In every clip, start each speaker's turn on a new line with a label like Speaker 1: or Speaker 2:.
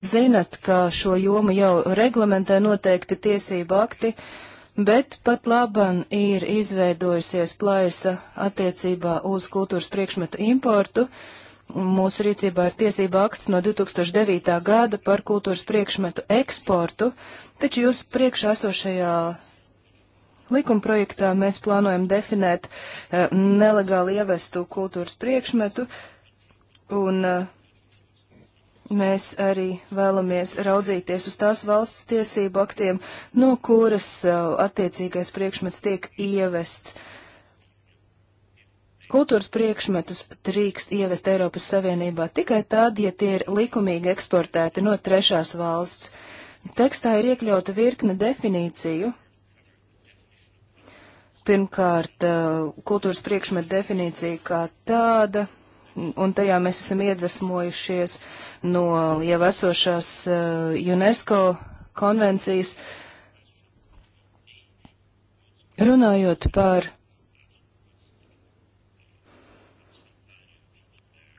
Speaker 1: zinat, ka šo jomu jau reglamentē noteikti tiesību akti, bet pat laban ir izveidojusies plaisa attiecībā uz kultūras priekšmetu importu. Mūsu rīcībā ir tiesība akts no 2009. gada par kultūras priekšmetu eksportu, taču jūs priekšā esošajā likumprojektā mēs plānojam definēt e, nelegāli ievestu kultūras priekšmetu un e, Mēs arī vēlamies raudzīties uz tās valsts tiesību aktiem, no kuras uh, attiecīgais priekšmets tiek ievests. Kultūras priekšmetus drīkst ievest Eiropas Savienībā tikai tad, ja tie ir likumīgi eksportēti no trešās valsts. Tekstā ir iekļauta virkne definīciju. Pirmkārt, uh, kultūras priekšmetu definīcija kā tāda un tajā mēs esam iedvesmojušies no jau esošās eh, UNESCO konvencijas. Runājot par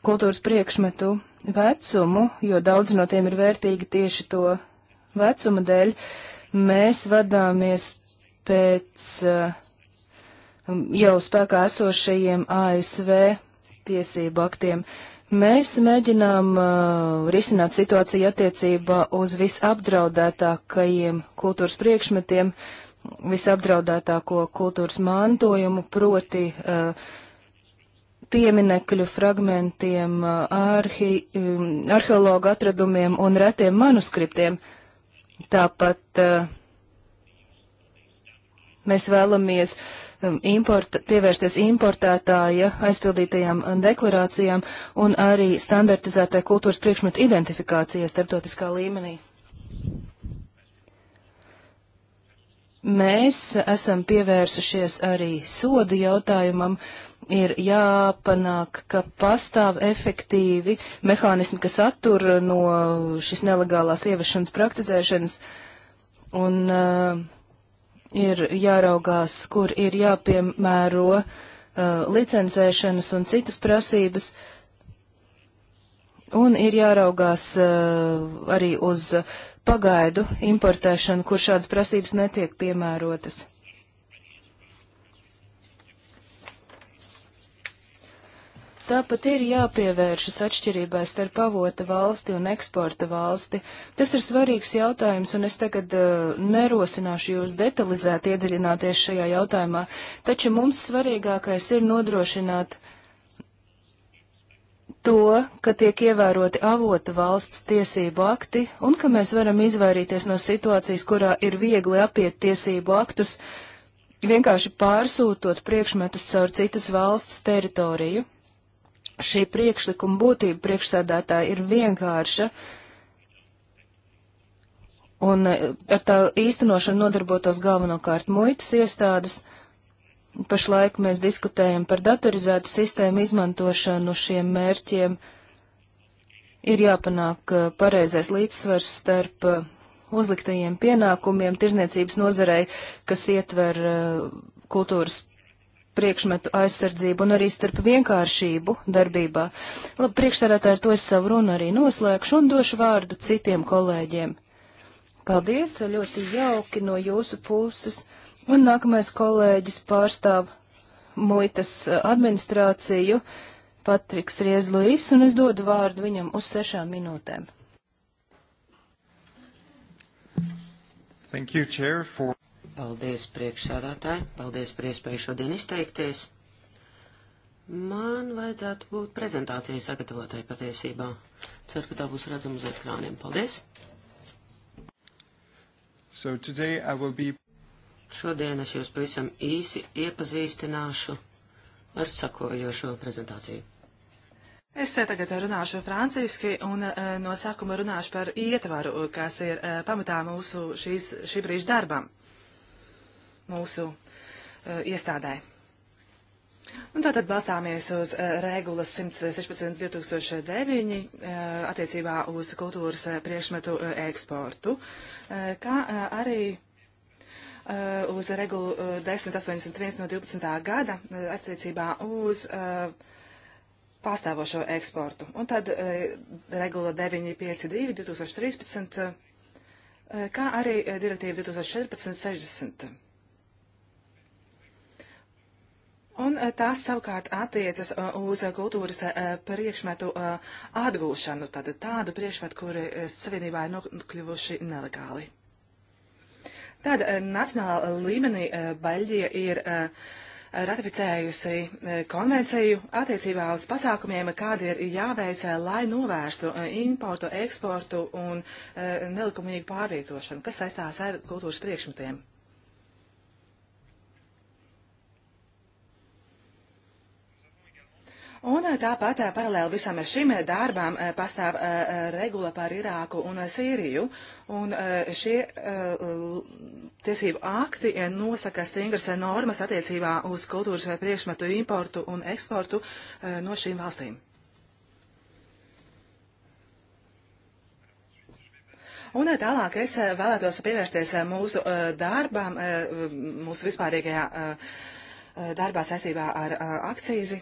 Speaker 1: kultūras priekšmetu vecumu, jo daudz no tiem ir vērtīgi tieši to vecuma dēļ, mēs vadāmies pēc uh, jau spēkā esošajiem ASV tiesību aktiem. Mēs mēģinām uh, risināt situāciju attiecībā uz visapdraudētākajiem kultūras priekšmetiem, visapdraudētāko kultūras mantojumu, proti uh, pieminekļu fragmentiem, uh, arhi, um, arheologu atradumiem un retiem manuskriptiem. Tāpat uh, mēs vēlamies uh, Um, importa, pievērsties importētāja aizpildītajām deklarācijām un arī standartizētai kultūras priekšmetu identifikācijai starptautiskā līmenī. Mēs esam pievērsušies arī sodu jautājumam, ir jāpanāk, ka pastāv efektīvi mehānismi, kas attur no šīs nelegālās ievešanas praktizēšanas. Un uh, ir jāraugās, kur ir jāpiemēro uh, licencēšanas un citas prasības, un ir jāraugās uh, arī uz pagaidu importēšanu, kur šādas prasības netiek piemērotas. Tāpat ir jāpievēršas atšķirībai starp avota valsti un eksporta valsti. Tas ir svarīgs jautājums, un es tagad uh, nerosināšu jūs detalizēti iedziļināties šajā jautājumā, taču mums svarīgākais ir nodrošināt to, ka tiek ievēroti avota valsts tiesību akti un ka mēs varam izvairīties no situācijas, kurā ir viegli apiet tiesību aktus, vienkārši pārsūtot priekšmetus caur citas valsts teritoriju šī priekšlikuma būtība priekšsēdētāja ir vienkārša, un e, ar tā īstenošanu nodarbotos galvenokārt muitas iestādes. Pašlaik mēs diskutējam par datorizētu sistēmu izmantošanu šiem mērķiem. Ir jāpanāk e, pareizais līdzsvars starp e, uzliktajiem pienākumiem tirzniecības nozarei, kas ietver kultūras priekšmetu aizsardzību un arī starp vienkāršību darbībā. Labi, priekšsarētāji, ar to es savu runu arī noslēgšu un došu vārdu citiem kolēģiem. Paldies, ļoti jauki no jūsu puses. Un nākamais kolēģis pārstāv muitas administrāciju Patriks Riezluis, un es dodu vārdu viņam uz sešām minūtēm.
Speaker 2: Thank you, Chair, for... Paldies priekšsādātāji, paldies par iespēju šodien izteikties. Man vajadzētu būt prezentācijai sagatavotai patiesībā. Ceru, ka tā būs redzama uz ekrāniem. Paldies! So today I will be... Šodien es jūs pavisam īsi iepazīstināšu ar sakojošo prezentāciju.
Speaker 3: Es tagad runāšu franciski un e, no sākuma runāšu par ietvaru, kas ir e, pamatā mūsu šīs, šī brīža darbam mūsu uh, iestādē. Un tātad balstāmies uz uh, regulas 116.2009 uh, eh, attiecībā uz kultūras priekšmetu eksportu, kā arī uz regulu 1081 no 12. gada attiecībā uz pastāvošo eksportu. Un tad regula 952 2013 kā arī direktīva 2014-60. Un eh, tās savukārt attiecas eh, uz kultūras eh, priekšmetu atgūšanu, tad tādu priekšmetu, kuri savienībā ir nokļuvuši nelegāli. Tad nacionālā līmenī Baļģija ir ratificējusi konvenciju attiecībā uz pasākumiem, kādi ir jāveic, lai novērstu importu, eksportu un nelikumīgu pārvietošanu, kas saistās ar kultūras priekšmetiem. Un eh, tāpat eh, paralēli visam šim eh, darbām pastāv regula par Irāku un Sīriju. Un šie tiesību akti nosaka stingras normas attiecībā uz kultūras priekšmetu importu un eksportu no šīm valstīm. Un tālāk es vēlētos pievērsties mūsu darbām, mūsu vispārīgajā darbā saistībā ar akcīzi.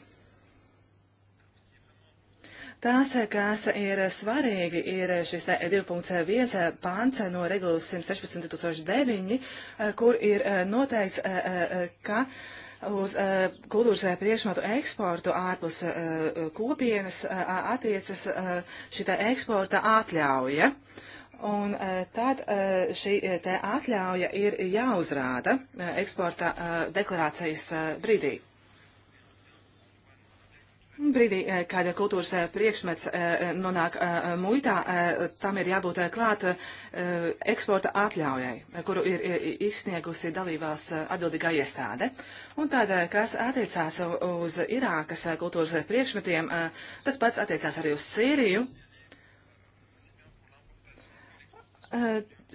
Speaker 3: Tās, kas ir svarīgi, ir šis 2.1 pāns no regulas 116.009, kur ir eh, noteikts, eh, eh, ka uz uh, kultūras priekšmetu eksportu ārpus uh, kopienas uh, attiecas šī eksporta atļauja. Un tad šī te atļauja ir jāuzrāda eksporta deklarācijas brīdī. Brīdī, eh, kad kultūras eh, priekšmets eh, nonāk muitā, tam ir jābūt klāt eksporta atļaujai, kuru ir izsniegusi dalībās atbildīgā iestāde. Un tad, kas attiecās uz Irākas kultūras priekšmetiem, tas pats attiecās arī uz Sīriju.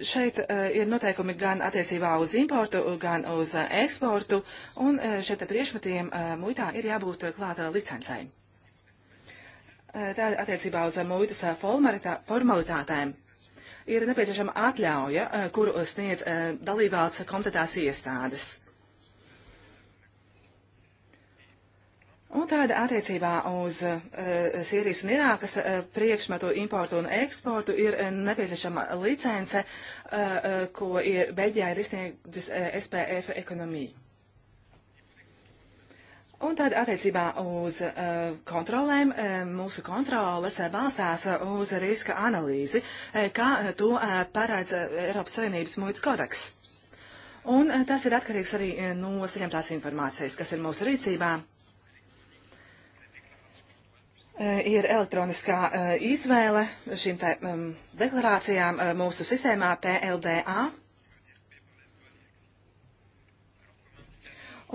Speaker 3: Šeit uh, ir noteikumi gan attiecībā uz importu, gan uz uh, eksportu, un uh, šiem priekšmetiem uh, muitā ir jābūt uh, klāta licencēm. Uh, tā attiecībā uz uh, muitas uh, formalitātēm ir nepieciešama atļauja, uh, kuru sniedz uh, dalībvalsts kompetentās iestādes. Un tāda attiecībā uz uh, Sīrijas un Irākas uh, priekšmetu importu un eksportu ir uh, nepieciešama licence, uh, uh, ko ir Beļģijā ir izsniegts uh, SPF ekonomija. Un tad attiecībā uz uh, kontrolēm uh, mūsu kontroles uh, balstās uz riska analīzi, uh, kā to uh, parāds uh, Eiropas Savienības muitas kodeks. Un uh, tas ir atkarīgs arī no saņemtās informācijas, kas ir mūsu rīcībā. E, ir elektroniskā uh, izvēle šīm tā, um, deklarācijām uh, mūsu sistēmā PLDA.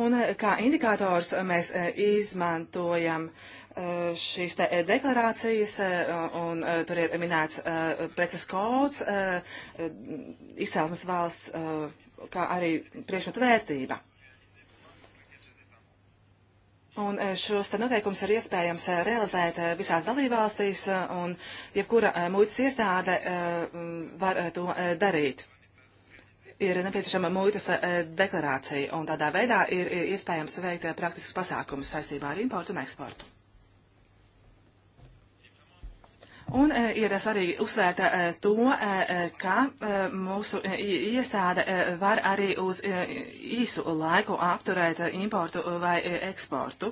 Speaker 3: Un uh, kā indikators mēs izmantojam šīs te deklarācijas, un tur ir minēts preces kods, izcelsmes valsts, kā arī priekšmetu vērtība. Un eh, šos noteikumus ir iespējams eh, realizēt eh, visās dalībvalstīs, un jebkura muitas iestāde var to darīt. Ir nepieciešama muitas deklarācija, un tādā veidā ir iespējams veikt praktiskus pasākumus saistībā ar importu un eksportu. Un eh, ir svarīgi uzsvērt eh, to, eh, ka mūsu iestāde var arī uz īsu laiku apturēt importu vai eksportu.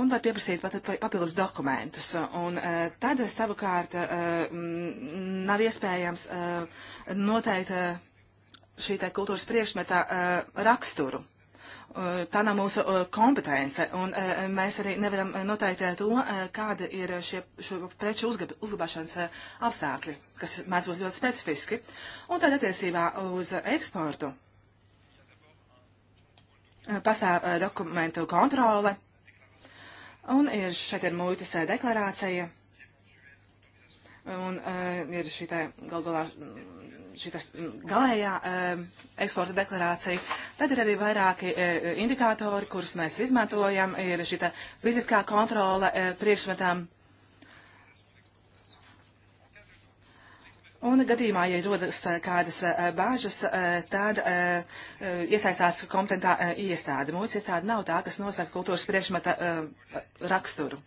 Speaker 3: Un var pieprasīt papildus dokumentus. Un tad savukārt nav iespējams noteikt šī kultūras priekšmetā raksturu tā nav mūsu uh, kompetence, un uh, mēs arī nevaram uh, noteikt to, kāda ir šie, šo preču uzgab, uzglabāšanas apstākļi, kas mēs būtu ļoti specifiski. Un tad attiecībā uz eksportu pastāv dokumentu kontrole, un ir, šeit ir muitas deklarācija, un ir šī tā gal galā šita mm, galējā ehm, eksporta deklarācija. Tad ir arī vairāki eh, indikātori, kurus mēs izmantojam. Ir šita fiziskā kontrole eh, priekšmetām. Un gadījumā, ja rodas eh, kādas bāžas, tad iesaistās kompetentā iestāde. Mūsu iestāde nav tā, kas nosaka kultūras priekšmeta raksturu.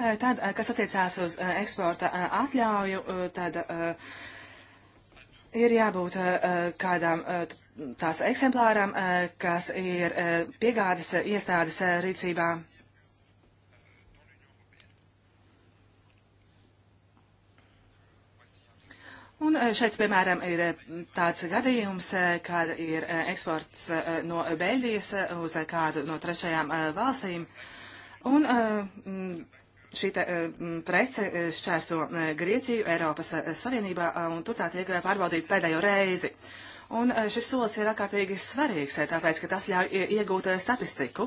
Speaker 3: Eh, tad, eh, kas attiecās uz eh, eksporta atļauju, tad ir jābūt kādām tās eksemplāram, kas ir piegādes iestādes rīcībā. Un šeit, piemēram, ir tāds gadījums, kad ir eksports no Beļģijas uz kādu no trešajām valstīm. Un šī te, eh, prece eh, šķērso eh, Grieķiju Eiropas Savienībā, un tur tā tiek pārbaudīta pēdējo reizi. Un šis solis ir ārkārtīgi svarīgs, tāpēc, ka tas ļauj iegūt statistiku.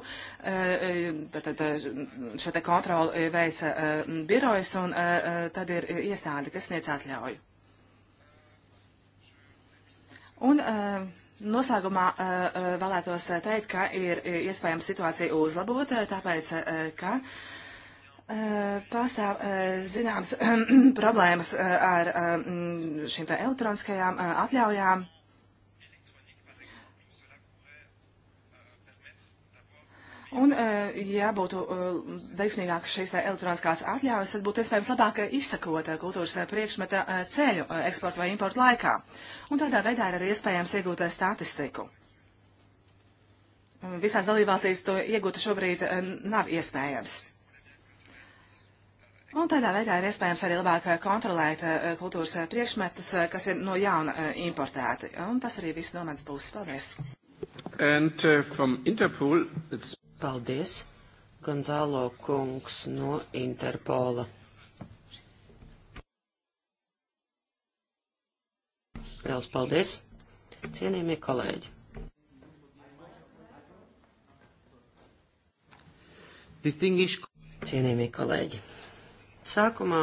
Speaker 3: Tad šo te kontroli veica birojas, un tad ir iestādi, kas sniedz atļauju. Un noslēgumā vēlētos teikt, ka ir iespējams situācija uzlabot, tāpēc, ka Eh, pastāv eh, zināmas problēmas eh, ar šīm tā elektroniskajām atļaujām. Un, ja būtu veiksmīgāk šīs elektroniskās atļaujas, tad būtu iespējams labāk izsakot kultūras priekšmeta ceļu eksporta vai importa laikā. Un tādā veidā ir arī iespējams iegūt statistiku. Visās dalībvalstīs to iegūt šobrīd nav iespējams. Un tādā veidā ir iespējams arī labāk eh, kontrolēt eh, kultūras eh, priekšmetus, kas ir no jauna importēti. Un tas arī viss no manas puses. Paldies!
Speaker 2: And, uh, Interpol, it's... Paldies, Gonzālo kungs no Interpola. Liels paldies, cienījamie kolēģi! Distinguished... Cienījamie kolēģi! Sākumā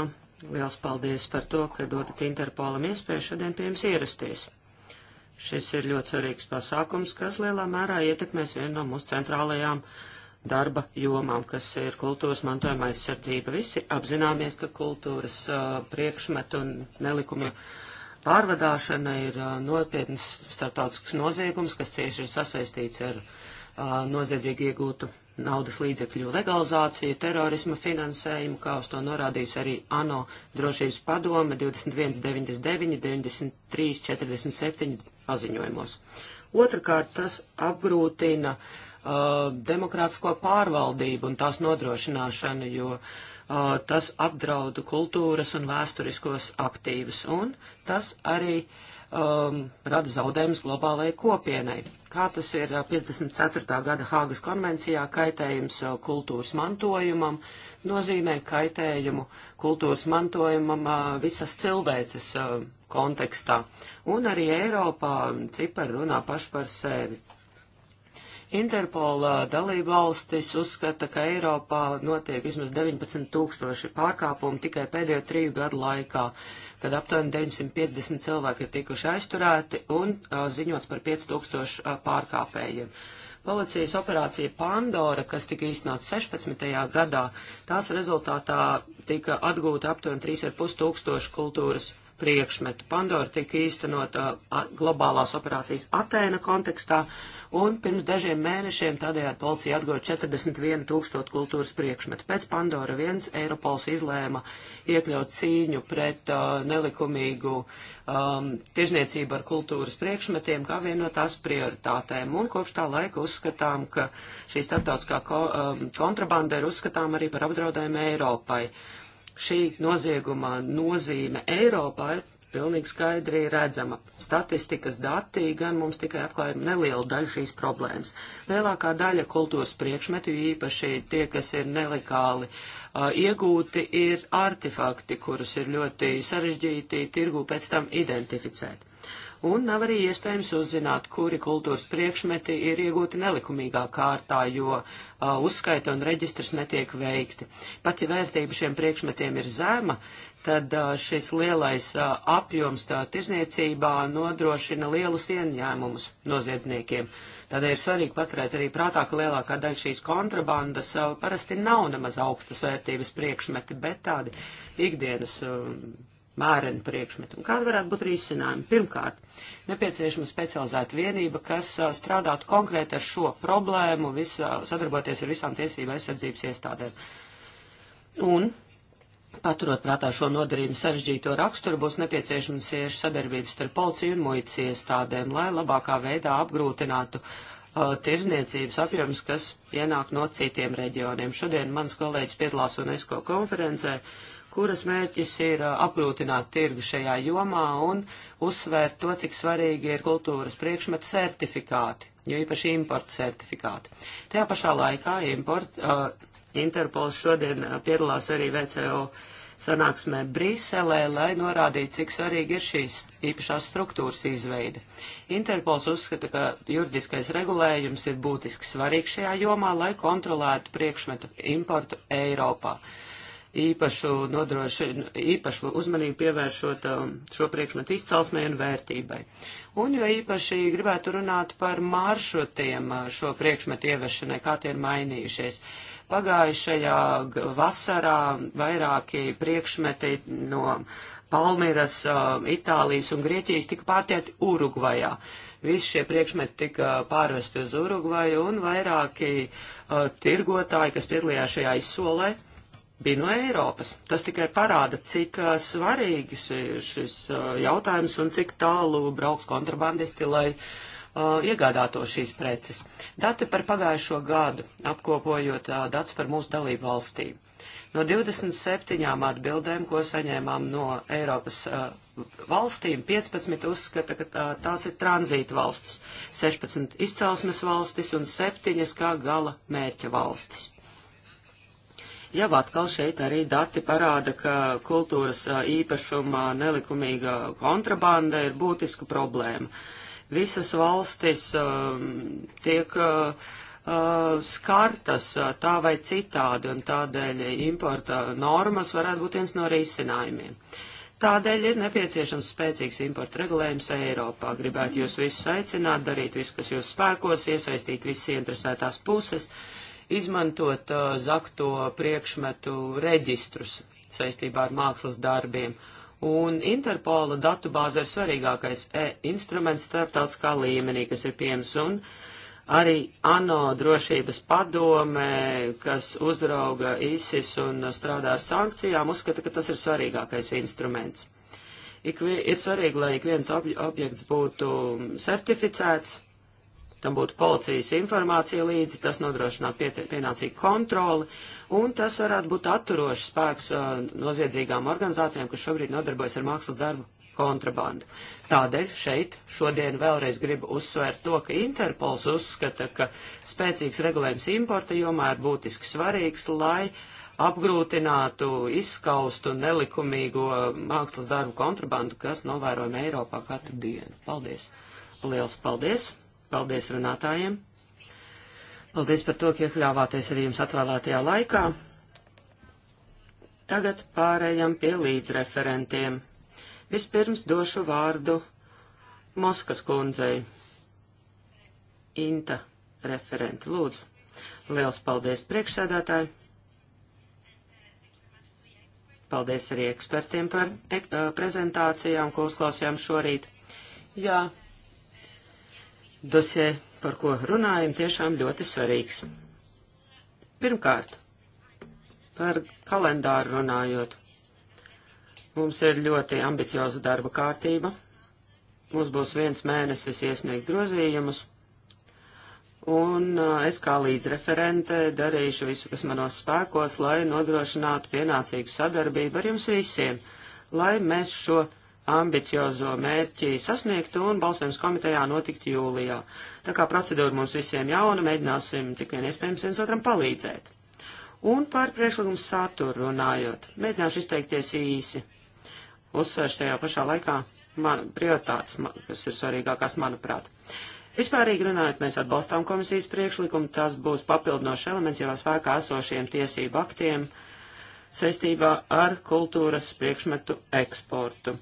Speaker 2: liels paldies par to, ka dodat Interpolam iespēju šodien pie jums ierasties. Šis ir ļoti svarīgs pasākums, kas lielā mērā ietekmēs vienu no mūsu centrālajām darba jomām, kas ir kultūras mantojuma aizsardzība. Visi apzināmies, ka kultūras uh, priekšmetu un nelikumi pārvadāšana ir uh, nopietnas starptautisks noziegums, kas cieši ir sasaistīts ar uh, noziedzīgi iegūtu naudas līdzekļu legalizāciju, terorisma finansējumu, kā uz to norādījusi arī ANO drošības padome 2199, 93, 47 paziņojumos. Otrakārt, tas apgrūtina uh, demokrātisko pārvaldību un tās nodrošināšanu, jo uh, tas apdraudu kultūras un vēsturiskos aktīvus, un tas arī uh, um, rada zaudējumus globālajai kopienai. Kā tas ir 54. Uh, gada Hāgas konvencijā, kaitējums uh, kultūras mantojumam nozīmē kaitējumu kultūras mantojumam uh, visas cilvēces kontekstā. Un arī Eiropā um, cipari runā paši par sevi. Interpola dalība valstis uzskata, ka Eiropā notiek vismaz 19 tūkstoši pārkāpumu tikai pēdējo triju gadu laikā, kad aptuveni 950 cilvēki ir tikuši aizturēti un a, ziņots par 5000 pārkāpējiem. Policijas operācija Pandora, kas tika īstenot 16. gadā, tās rezultātā tika atgūta aptuveni 3,5 tūkstoši kultūras priekšmetu. Pandora tika īstenota globālās operācijas Atēna kontekstā, un pirms dažiem mēnešiem tādējādi policija atguva 41 tūkstotu kultūras priekšmetu. Pēc Pandora 1 Eiropols izlēma iekļaut cīņu pret uh, nelikumīgu um, tirzniecību ar kultūras priekšmetiem kā vienu no tās prioritātēm, un kopš tā laika uzskatām, ka šī starptautiskā ko, um, kontrabanda ir uzskatām arī par apdraudējumu Eiropai. Uh, šī noziegumā nozīme Eiropā ir pilnīgi skaidri redzama. Statistikas dati gan mums tikai atklāja nelielu daļu šīs problēmas. Lielākā daļa kultūras priekšmetu, īpaši tie, kas ir nelikāli uh, iegūti, ir artefakti, kurus ir ļoti sarežģīti tirgu pēc tam identificēt un nav arī iespējams uzzināt, kuri kultūras priekšmeti ir iegūti nelikumīgā kārtā, jo uh, uzskaita un reģistrs netiek veikti. Pat ja vērtība šiem priekšmetiem ir zema, tad uh, šis lielais uh, apjoms tā tirzniecībā nodrošina lielus ieņēmumus noziedzniekiem. Tādēļ ir svarīgi paturēt arī prātā, ka lielākā daļa šīs kontrabandas uh, parasti nav nemaz augstas vērtības priekšmeti, bet tādi ikdienas. Uh, mēreni priekšmetu. Un kāda varētu būt risinājuma? Pirmkārt, nepieciešama specializēta vienība, kas strādātu konkrēti ar šo problēmu, visā, sadarboties ar visām tiesību aizsardzības iestādēm. Un Paturot prātā šo nodarījumu sarežģīto raksturu, būs nepieciešams cieši sadarbības starp policiju un muitas iestādēm, lai labākā veidā apgrūtinātu uh, tirzniecības apjomus, kas ienāk no citiem reģioniem. Šodien mans kolēģis piedalās UNESCO konferencē, kuras mērķis ir apgrūtināt tirgu šajā jomā un uzsvērt to, cik svarīgi ir kultūras priekšmetu certifikāti, jo īpaši importa certifikāti. Tajā pašā laikā import, uh, Interpols šodien piedalās arī VCO sanāksmē Briselē, lai norādītu, cik svarīgi ir šīs īpašās struktūras izveide. Interpols uzskata, ka juridiskais regulējums ir būtiski svarīgs šajā jomā, lai kontrolētu priekšmetu importu Eiropā. Uh, īpašu, īpašu uzmanību pievēršot um, šo priekšmetu izcelsmē un vērtībai. Un jo īpaši gribētu runāt par maršrutiem uh, šo priekšmetu ievešanai, kā tie ir mainījušies. Pagājušajā vasarā vairāki priekšmeti no Palmiras, um, Itālijas un Grieķijas tika pārtieti Urugvajā. Visi šie priekšmeti tika pārvesti uz Urugvaju un vairāki uh, tirgotāji, kas piedalījās šajā izsolē, uh, bija no Eiropas. Tas tikai parāda, cik uh, svarīgs ir šis uh, jautājums un cik tālu brauks kontrabandisti, lai uh, iegādāto šīs preces. Dati par pagājušo gadu, apkopojot uh, datus par mūsu dalību valstī. No 27 atbildēm, ko saņēmām no Eiropas uh, valstīm, 15 uzskata, ka tā, tās ir tranzīta valstis, 16 izcelsmes valstis un 7 kā gala mērķa valstis. Jau atkal šeit arī dati parāda, ka kultūras īpašuma nelikumīga kontrabanda ir būtiska problēma. Visas valstis um, tiek. Uh, skartas tā vai citādi, un tādēļ importa normas varētu būt viens no risinājumiem. Tādēļ ir nepieciešams spēcīgs importa regulējums Eiropā. Gribētu jūs visus aicināt, darīt visu, kas jūs spēkos, iesaistīt visas interesētās puses, izmantot uh, zakto priekšmetu reģistrus saistībā ar mākslas darbiem. Un Interpola datubāze ir svarīgākais e instruments starptautiskā līmenī, kas ir pieejams. Un arī ANO drošības padome, kas uzrauga ISIS un strādā ar sankcijām, uzskata, ka tas ir svarīgākais instruments. Ik, ir svarīgi, lai ik viens objekts būtu certificēts tam būtu policijas informācija līdzi, tas nodrošinātu pienācīgu kontroli, un tas varētu būt atturošs spēks uh, noziedzīgām organizācijām, kas šobrīd nodarbojas ar mākslas darbu kontrabandu. Tādēļ šeit šodien vēlreiz gribu uzsvērt to, ka Interpols uzskata, ka spēcīgs regulējums importa jomā ir būtiski svarīgs, lai apgrūtinātu, izskaustu nelikumīgo mākslas darbu kontrabandu, kas novērojama Eiropā katru dienu. Paldies! Liels paldies! Paldies runātājiem. Paldies par to, ka iekļāvāties arī jums atvēlētajā laikā. Tagad pārējām pie līdzreferentiem. Vispirms došu vārdu Moskas kundzei. Inta referenti, lūdzu. Liels paldies priekšsēdētāji. Paldies arī ekspertiem par ek prezentācijām, ko uzklausījām šorīt. Jā, dosie, par ko runājam, tiešām ļoti svarīgs. Pirmkārt, par kalendāru runājot. Mums ir ļoti ambicioza darba kārtība. Mums būs viens mēnesis iesniegt grozījumus, un es kā līdzreferente darīšu visu, kas manos spēkos, lai nodrošinātu pienācīgu sadarbību ar jums visiem, lai mēs šo ambiciozo mērķi sasniegtu un balsojums komitejā notikt jūlijā. Tā kā procedūra mums visiem jauna, mēģināsim cik vien iespējams viens otram palīdzēt. Un par priekšlikumu saturu runājot, mēģināšu izteikties īsi. Uzsvēršu tajā pašā laikā man, prioritātes, man, kas ir svarīgākās, manuprāt. Vispārīgi runājot, mēs atbalstām komisijas priekšlikumu, tas būs papildinošs elements jau spēkā esošiem tiesību aktiem. Uh, saistībā ar kultūras priekšmetu eksportu.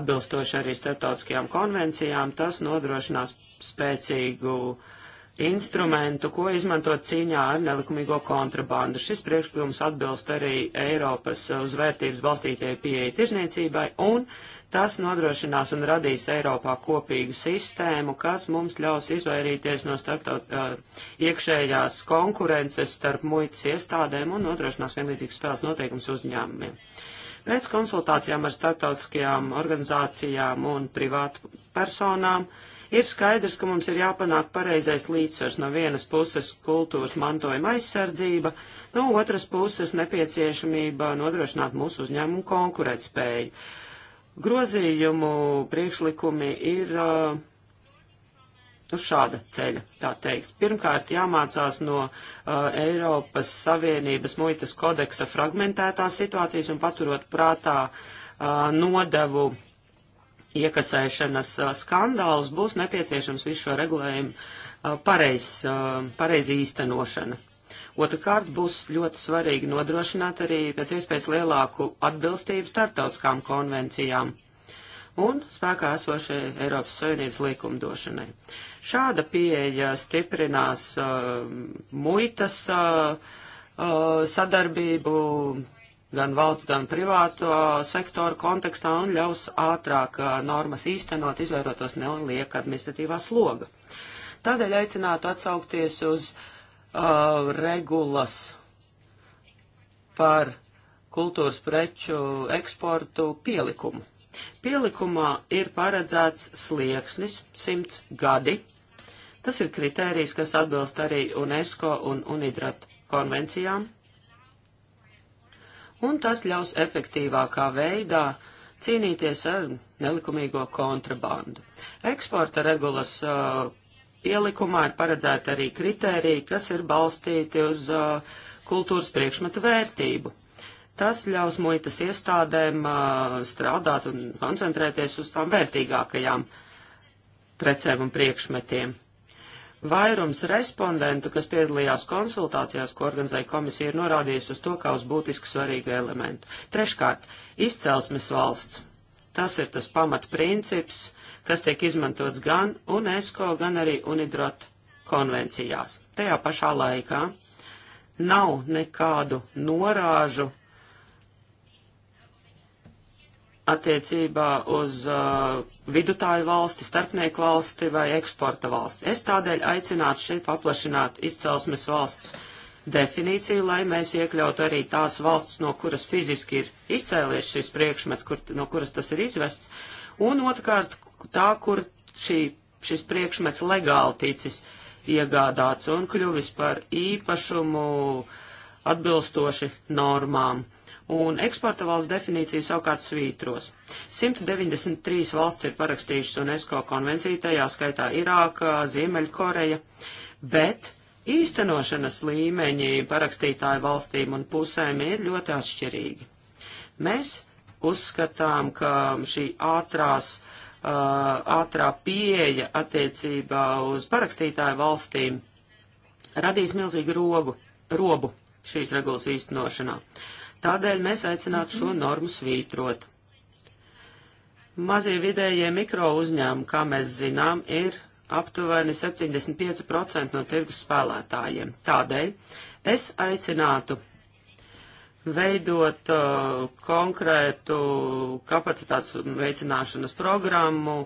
Speaker 2: Atbilstoši arī starptautiskajām konvencijām, tas nodrošinās spēcīgu uh, instrumentu, ko izmantot cīņā ar nelikumīgo kontrabandu. Šis priekšlikums atbilst arī Eiropas uh, uzvērtības balstītajai pieeja tirzniecībai, un tas nodrošinās un radīs Eiropā kopīgu sistēmu, kas mums ļaus izvairīties no starptaut, uh, iekšējās konkurences starp muitas iestādēm un nodrošinās vienlīdzīgas spēles noteikums uzņēmumiem. Pēc konsultācijām ar starptautiskajām organizācijām un privātu personām uh, Ir skaidrs, ka mums ir jāpanāk pareizais līdzsvars no vienas puses kultūras mantojuma aizsardzība, no otras puses nepieciešamība nodrošināt mūsu uzņēmumu konkurētspēju. Grozījumu priekšlikumi ir uh, uz šāda ceļa, tā teikt. Pirmkārt, jāmācās no uh, Eiropas Savienības muitas kodeksa fragmentētās situācijas un paturot prātā uh, nodevu iekasēšanas skandālus, būs nepieciešams visu šo regulējumu pareiz, pareiz īstenošana. Otrakārt, būs ļoti svarīgi nodrošināt arī pēc iespējas lielāku atbilstību starptautiskām konvencijām un spēkā esošai Eiropas Savienības likumdošanai. Šāda pieeja stiprinās uh, muitas uh, sadarbību, gan valsts, gan privāto uh, sektoru kontekstā un ļaus ātrāk uh, normas īstenot, izvairotos nelieka administratīvā sloga. Tādēļ aicinātu atsaukties uz uh, regulas par kultūras preču eksportu pielikumu. Pielikumā ir paredzēts slieksnis 100 gadi. Tas ir kritērijs, kas atbilst arī UNESCO un UNIDRAT konvencijām un tas ļaus efektīvākā veidā cīnīties ar nelikumīgo kontrabandu. Eksporta regulas uh, pielikumā ir paredzēta arī kritērija, kas ir balstīti uz uh, kultūras priekšmetu vērtību. Tas ļaus muitas iestādēm uh, strādāt un koncentrēties uz tām vērtīgākajām precēm un priekšmetiem. Vairums respondentu, kas piedalījās konsultācijās, ko organizēja komisija, ir norādījis uz to kā uz būtisku svarīgu elementu. Treškārt, izcelsmes valsts. Tas ir tas pamatprincips, kas tiek izmantots gan UNESCO, gan arī UNIDROT konvencijās. Tajā pašā laikā nav nekādu norāžu attiecībā uz uh, vidutāju valsti, starpnieku valsti vai eksporta valsti. Es tādēļ aicinātu šeit paplašināt izcelsmes valsts definīciju, lai mēs iekļautu arī tās valsts, no kuras fiziski ir izcēlies šis priekšmets, kur, no kuras tas ir izvests, un otrkārt tā, kur šī, šis priekšmets legāli ticis iegādāts un kļuvis par īpašumu atbilstoši normām un eksporta valsts definīcija savukārt svītros. 193 valsts ir parakstījušas UNESCO konvenciju, tajā skaitā Irāka, Ziemeļkoreja, bet īstenošanas līmeņi parakstītāju valstīm un pusēm ir ļoti atšķirīgi. Mēs uzskatām, ka šī ātrās, uh, ātrā pieeja attiecībā uz parakstītāju valstīm radīs milzīgu rogu, robu šīs regulas īstenošanā. Uh, Tādēļ mēs aicinātu šo normu svītrot. Mazie vidējie mikro uzņēmumi, kā mēs zinām, ir aptuveni 75% no tirgus spēlētājiem. Tādēļ es aicinātu veidot uh, konkrētu kapacitātes veicināšanas programmu,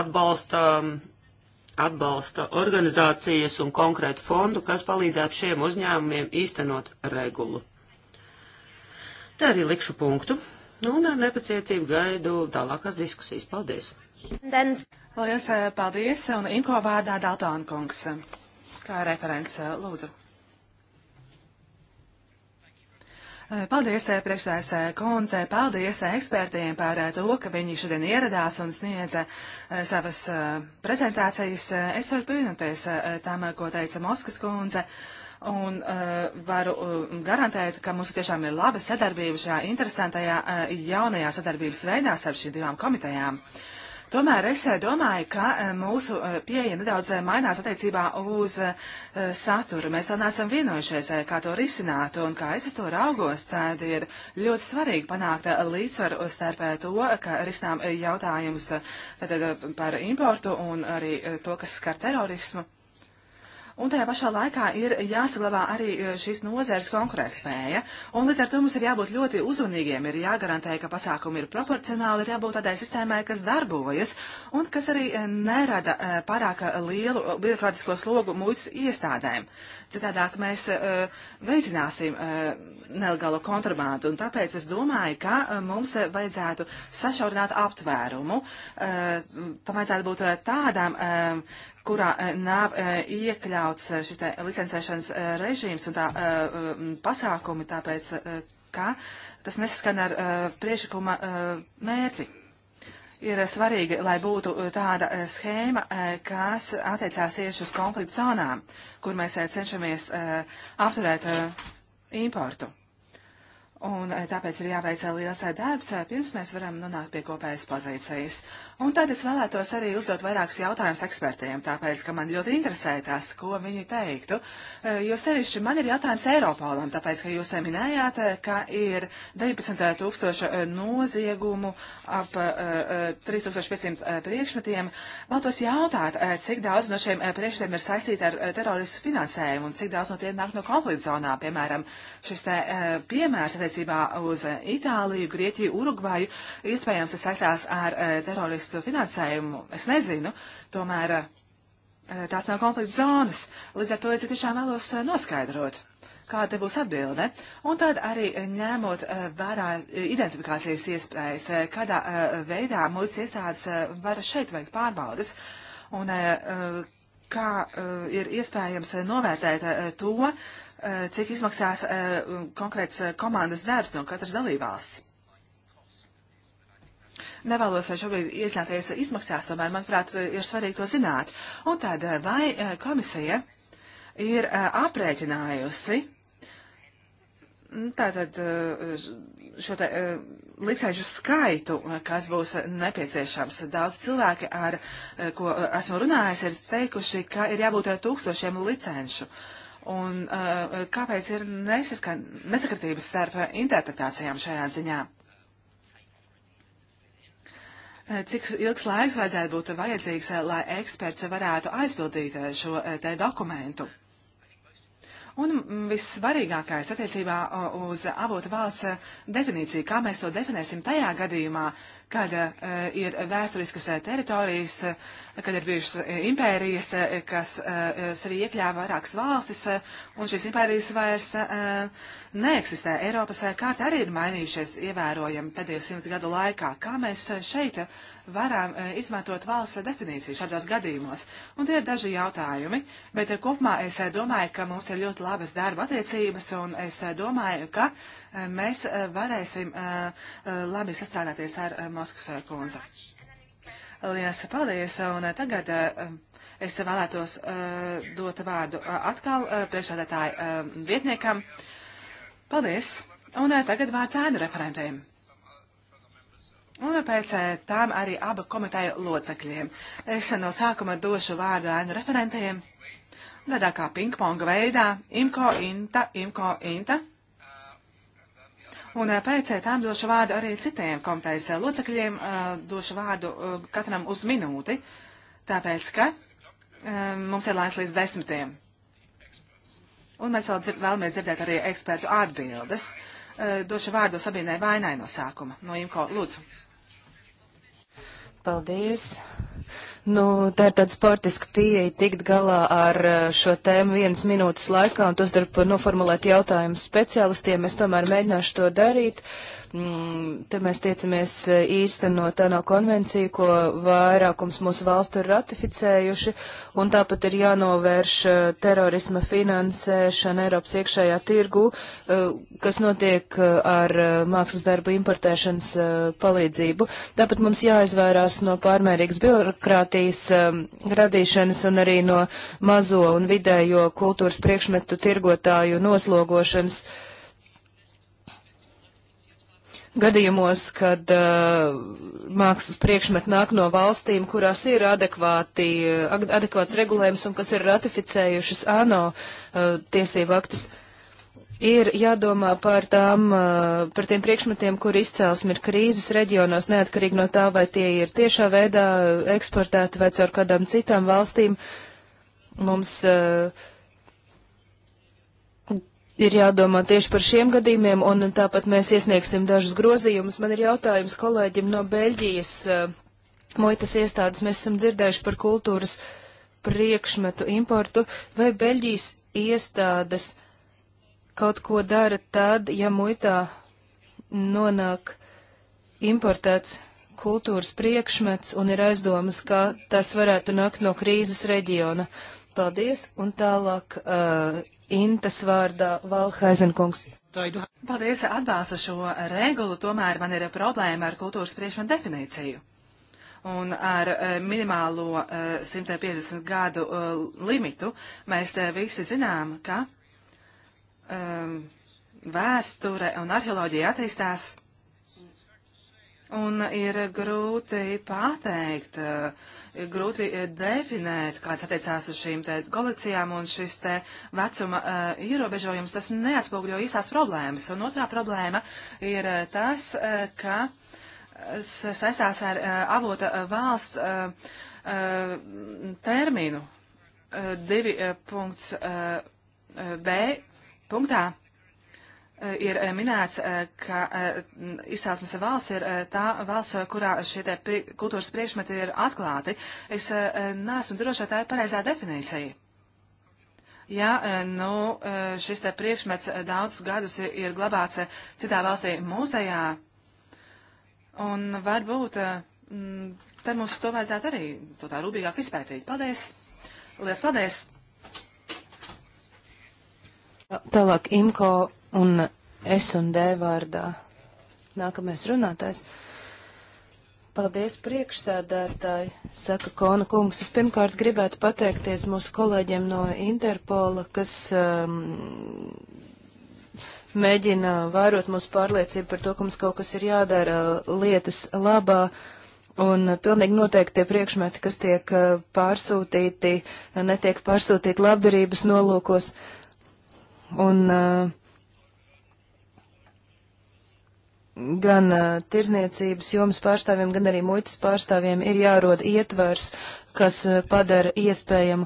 Speaker 2: atbalsta, atbalsta organizācijas un konkrētu fondu, kas palīdzētu šiem uzņēmumiem īstenot regulu. Te arī likšu punktu. Un ar nepacietību gaidu tālākās diskusijas. Paldies!
Speaker 3: Then... Lielas eh, paldies! Un Imko vārdā Daltona kungs. Eh, kā referents, eh, lūdzu. Paldies priekšsēdētājas kundze, paldies ekspertiem par to, ka viņi šodien ieradās un sniedza savas prezentācijas. Es varu pievienoties tam, ko teica Moskas kundze. Uh, un uh, varu uh, garantēt, ka mums tiešām ir laba sadarbība šajā interesantajā uh, jaunajā sadarbības veidā starp šīm divām komitejām. Tomēr es domāju, ka mūsu pieeja nedaudz mainās attiecībā uz saturu. Mēs vēl neesam vienojušies, kā to risināt, un kā es uz to raugos, tad ir ļoti svarīgi panākt līdzsvaru starp to, ka risinām jautājumus par importu un arī to, kas skar terorismu un tajā pašā laikā ir jāsaglabā arī e, šīs nozeres konkurētspēja. Un līdz ar to mums ir jābūt ļoti uzmanīgiem, ir jāgarantē, ka pasākumi ir proporcionāli, ir jābūt tādai sistēmai, kas darbojas un kas arī e, nerada e, pārāk lielu birokrātisko slogu muitas iestādēm. Citādāk mēs veicināsim nelegālo kontrabandu, un tāpēc es domāju, ka mums vajadzētu sašaurināt aptvērumu. Tam vajadzētu būt tādām kurā e, nav e, iekļauts e, šis te licencēšanas režīms un tā pasākumi, tāpēc, ka tas nesaskana ar priešakuma mērķi. Ir svarīgi, lai būtu tāda schēma, kas attiecās tieši uz konfliktu zonām, kur mēs cenšamies apturēt importu. Un eh, tāpēc ir jāveic liels eh, darbs, eh, pirms mēs varam nonākt pie kopējas pozīcijas. Un tad es vēlētos arī uzdot vairākus jautājumus ekspertiem, tāpēc, ka man ļoti interesē tas, ko viņi teiktu. Jo sevišķi man ir jautājums Eiropolam, tāpēc, ka jūs minējāt, ka ir 19 tūkstoši noziegumu ap 3500 priekšmetiem. Vēlētos jautāt, cik daudz no šiem priekšmetiem ir saistīti ar teroristu finansējumu un cik daudz no tiem nāk no konflikta zonā, piemēram, šis te piemērs attiecībā uz eh, Itāliju, Grieķiju, Urugvāju iespējams ir saistās ar eh, teroristu finansējumu. Es nezinu, tomēr eh, tās nav konflikta zonas. Līdz ar to es tiešām vēlos noskaidrot, kāda būs atbilde. Un tad arī ņemot vērā identifikācijas iespējas, kādā veidā muitas iestādes var šeit veikt pārbaudas. Un kā ir iespējams novērtēt to, Eh, cik izmaksās eh, konkrēts eh, komandas darbs no katras dalībvalsts. Nevēlos šobrīd iesnāties izmaksās, tomēr, manuprāt, ir svarīgi to zināt. Un tad, vai komisija ir aprēķinājusi mm, tātad šo te licēžu skaitu, kas būs nepieciešams. Daudz cilvēki, ar ko esmu runājis, ir teikuši, ka ir jābūt tūkstošiem licenšu. Uh, un uh, kāpēc ir nesaskan, nesakritības starp interpretācijām šajā ziņā. Uh, cik ilgs laiks vajadzētu būt vajadzīgs, uh, lai eksperts varētu aizpildīt uh, šo te dokumentu? Un vissvarīgākais attiecībā uz avotu valsts definīciju, kā mēs to definēsim tajā gadījumā, kad e, ir vēsturiskas e, teritorijas, e, kad ir bijušas impērijas, kas sevi iekļāva vairākas valstis, un šīs impērijas vairs neeksistē. Eiropas kārta arī ir mainījušies ievērojami pēdējo simts gadu laikā. Kā mēs šeit varam izmantot valsts definīciju šādos gadījumos? Un tie ir daži jautājumi, bet kopumā es domāju, ka mums ir ļoti labas darba attiecības, un es eh, domāju, ka eh, mēs eh, varēsim labi sastrādāties ar Moskvas kundzi. Lielas paldies, un tagad es vēlētos dot vārdu atkal priekšādātāju vietniekam. Paldies, un tagad vārds ēnu referentēm. Un pēc tam arī abu komiteju locekļiem. Es no sākuma došu vārdu ēnu referentiem tādā kā pingponga veidā, imko, inta, imko, inta. Un eh, pēc tam došu vārdu arī citiem komitejas locekļiem, eh, došu vārdu eh, katram uz minūti, tāpēc, ka mums ir laiks līdz desmitiem. Un mēs vēl dzir vēlamies dzirdēt arī ekspertu atbildes. Došu vārdu Sabīnai Vainai no sākuma, no Imko, lūdzu. Paldies.
Speaker 1: Nu, tā ir tāda sportiska pieeja tikt galā ar eh, šo tēmu vienas minūtes laikā, un tos darb noformulēt jautājumus speciālistiem. Es tomēr mēģināšu to darīt. Uh, Mm, te mēs tiecamies eh, īstenot ANO konvenciju, ko vairākums mūsu valstu ir ratificējuši, un tāpat ir jānovērš eh, terorisma finansēšana Eiropas iekšējā tirgu, eh, kas notiek ar mākslas darbu importēšanas palīdzību. Tāpat mums jāizvairās no pārmērīgas birokrātijas radīšanas un arī no mazo un vidējo kultūras priekšmetu tirgotāju noslogošanas. Uh, gadījumos, kad uh, mākslas priekšmeti nāk no valstīm, kurās ir adekvāti, uh, adekvāts regulējums un kas ir ratificējušas ANO uh, tiesību aktus, ir jādomā par, tām, uh, par tiem priekšmetiem, kur izcēlesme ir krīzes reģionos, neatkarīgi no tā, vai tie ir tiešā veidā eksportēti vai caur kādām citām valstīm. Mums uh, ir jādomā tieši par šiem gadījumiem, un tāpat mēs iesniegsim dažus grozījumus. Man ir jautājums kolēģim no Beļģijas uh, muitas iestādes. Mēs esam dzirdējuši par kultūras priekšmetu importu. Vai Beļģijas iestādes kaut ko dara tad, ja muitā nonāk importēts kultūras priekšmets un ir aizdomas, ka tas varētu nākt no krīzes reģiona? Paldies, un tālāk. Uh,
Speaker 3: Intas vārdā Valhaizenkungs. Paldies, atbalsta šo regulu, tomēr man ir problēma ar kultūras priekšmetu definīciju. Un ar eh, minimālo 150 eh, gadu eh, limitu mēs visi zinām, ka um, vēsture un arheoloģija attīstās. Un ir grūti pateikt, uh, grūti eh, definēt, kāds attiecās uz šīm te koalicijām, un šis te vecuma uh, ierobežojums, tas neatspoguļo īstās problēmas. Un otrā problēma ir eh, tas, uh, ka saistās ar uh, avota valsts uh, uh, terminu uh, 2.b uh, punktā Eh, ir eh, minēts, eh, ka izcelsmes valsts ir tā valsts, kurā šie te pri kultūras priekšmeti ir atklāti. Es neesmu droši, tā ir pareizā definīcija. Ja nu, šis te priekšmets daudzus gadus ir glabāts citā valstī muzejā, un varbūt tad mums to vajadzētu arī to tā rūpīgāk izpētīt. Paldies! Lielas paldies!
Speaker 1: Tālāk, Imko un S un D vārdā. Nākamais runātājs. Paldies, priekšsēdētāji, saka Kona kungs. Es pirmkārt gribētu pateikties mūsu kolēģiem no Interpola, kas um, mēģina vērot mūsu pārliecību par to, ka mums kaut kas ir jādara lietas labā. Un pilnīgi noteikti tie priekšmeti, kas tiek uh, pārsūtīti, netiek pārsūtīti labdarības nolūkos. Un uh, gan uh, tirzniecības jomas pārstāvjiem, gan arī muitas pārstāvjiem ir jārod ietvers, kas uh, padara iespējamu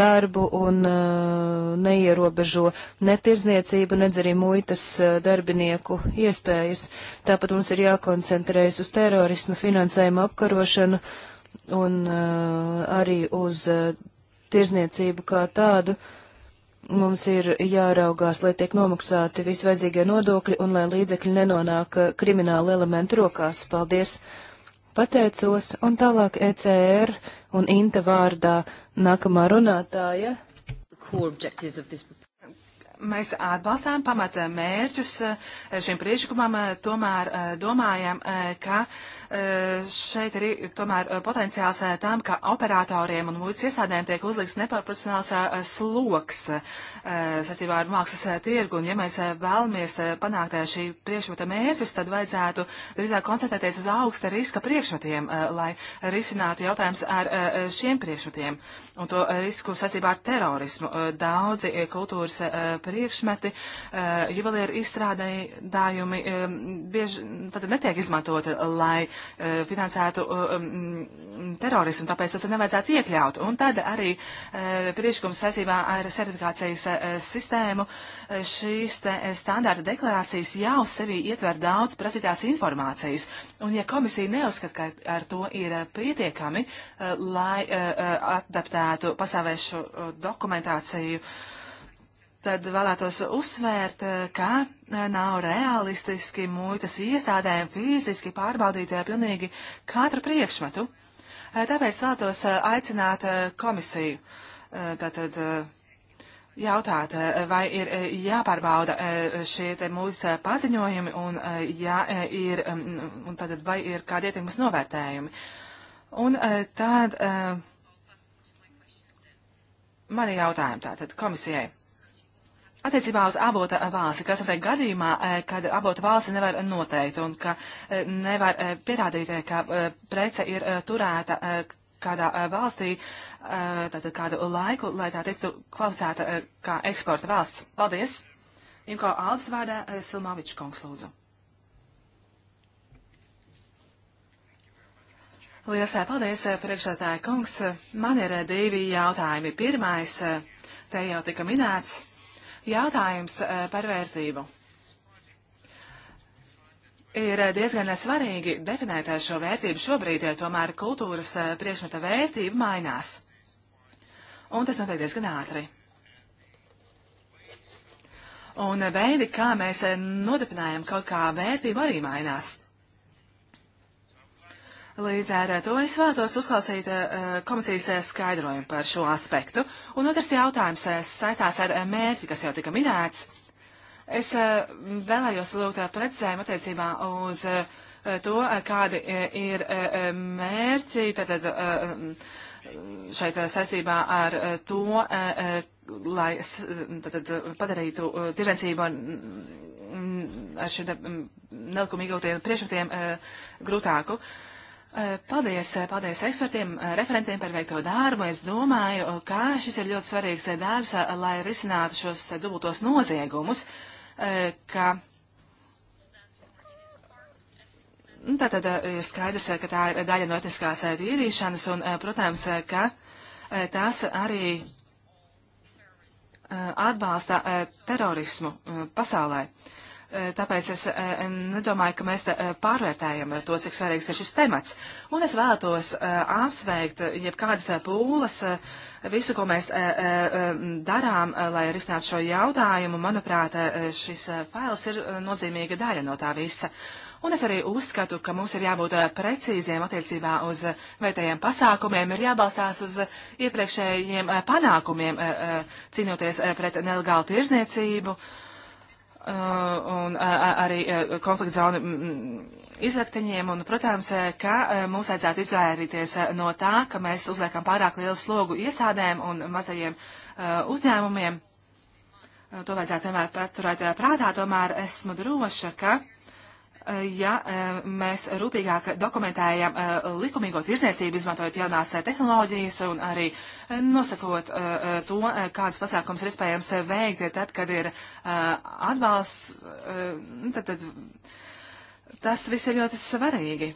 Speaker 1: darbu un uh, neierobežo ne tirzniecību, nedz arī muitas uh, darbinieku iespējas. Tāpat mums ir jākoncentrējas uz terorismu finansējumu apkarošanu un uh, arī uz uh, tirzniecību kā tādu. Uh, Mums ir jāraugās, lai tiek nomaksāti visvajadzīgie nodokļi un lai līdzekļi nenonāk eh, krimināla elementu rokās. Paldies! Pateicos, un tālāk ECR un Inta vārdā nākamā
Speaker 3: runātāja. Mēs atbalstām pamata mērķus eh, šim priekšlikumam, eh, tomēr domājam, ka. Uh, Eh, šeit ir tomēr eh, potenciāls eh, tam, ka operatoriem un muitas iestādēm tiek uzliks neproporcionāls sloks saistībā ar mākslas tirgu. Un, ja mēs vēlamies panākt šī priekšmeta mērķus, tad vajadzētu drīzāk koncentrēties uz augsta riska priekšmetiem, lai risinātu jautājums ar šiem priekšmetiem un to risku saistībā ar terorismu. Daudzi kultūras priekšmeti, juvelieru izstrādājumi bieži tad netiek izmantoti, lai E, finansētu e, terorismu, tāpēc tas nevajadzētu iekļaut. Un tad arī e, priekšlikums saistībā ar certifikācijas sistēmu šīs standarta deklarācijas jau sevī ietver daudz prasītās informācijas. Un ja komisija neuzskata, ka ar to ir pietiekami, lai adaptētu pasāvēšu dokumentāciju, tad vēlētos uzsvērt, eh, ka eh, nav realistiski muitas iestādēm fiziski pārbaudīt eh, pilnīgi katru priekšmetu. Tāpēc vēlētos aicināt komisiju. Tātad, jautāt, vai ir jāpārbauda šie mūsu paziņojumi un, jā, ir, mm, un tātad, vai ir kādi ietekmes novērtējumi. Un tad mani jautājumi tātad komisijai. Attiecībā uz abota valsti, kas notiek gadījumā, eh, kad abota valsti nevar noteikt un ka eh, nevar eh, pierādīt, ka prece ir turēta kādā valstī tātad kādu laiku, lai tā tiktu kvalificēta kā eksporta valsts. Paldies! Imko Aldis vārdā Silmovičs kungs lūdzu. Lielas paldies, priekšsētāja kungs. Man ir divi jautājumi. Pirmais, te jau tika minēts Jautājums eh, par vērtību. Ir eh, diezgan svarīgi definēt eh, šo vērtību šobrīd, jo tomēr kultūras priekšmeta vērtība mainās. Un tas notiek diezgan ātri. Un veidi, kā mēs nodefinējam kaut kā vērtību, arī mainās. Līdz ar to es vēlētos uzklausīt eh, komisijas eh, skaidrojumu par šo aspektu. Un otrs jautājums eh, saistās ar mērķi, kas jau tika minēts. Es vēlējos lūgt precizējumu attiecībā uz to, kādi ir mērķi tātad, mm, šeit saistībā ar to, lai mm, tātad, padarītu tirdzniecību mm, ar šiem nelikumīgotiem priekšmetiem grūtāku. Eh, paldies, eh, paldies ekspertiem, eh, referentiem par veikto darbu. Es domāju, ka šis ir ļoti svarīgs darbs, lai risinātu šos dubultos noziegumus, ka nu, tātad ir skaidrs, ka tā ir daļa no etniskās tīrīšanas un, protams, ka tas arī atbalsta terorismu pasaulē tāpēc es e, e, nedomāju, ka mēs e, pārvērtējam to, cik svarīgs ir šis temats. Un es vēlētos apsveikt jebkādas pūles, visu, ko mēs darām, lai risinātu šo jautājumu. Manuprāt, šis fails ir nozīmīga daļa no tā visa. Un es arī uzskatu, ka mums ir jābūt precīziem attiecībā uz vērtējiem pasākumiem, ir jābalstās uz iepriekšējiem panākumiem, cīnoties pret nelegālu tirzniecību. Uh, un uh, uh, arī konflikta zonu mm, mm, izrakteņiem. Un, protams, ka mums vajadzētu izvairīties no tā, ka mēs uzliekam pārāk lielu slogu iestādēm un mazajiem uzņēmumiem. To vajadzētu vienmēr paturēt prātā. Tomēr esmu droša, ka ja e, mēs rūpīgāk dokumentējam e, likumīgo tirzniecību, izmantojot jaunās e, tehnoloģijas un arī nosakot to, kādas pasākums ir iespējams veikt, tad, kad ir atbalsts, tad, tad tas viss ir ļoti svarīgi.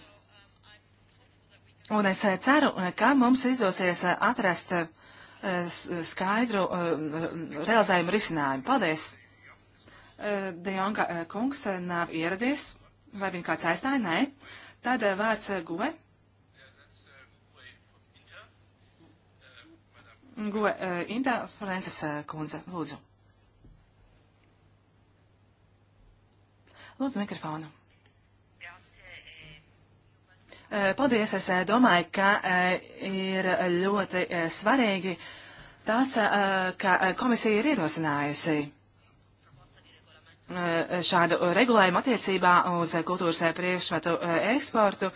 Speaker 3: Un es ceru, ka mums izdosies atrast skaidru realizējumu risinājumu. Paldies! Dejonga kungs nav ieradies. Vai viņu kāds aizstāja? Nē. Tad eh, vārds eh, Gue. Gue, eh, Inta Frances kundze, lūdzu. Lūdzu mikrofonu. Paldies, es domāju, ka ir ļoti svarīgi tas, ka komisija ir ierosinājusi Eh, šādu regulējumu attiecībā uz kultūras eh, priekšmetu eh, eksportu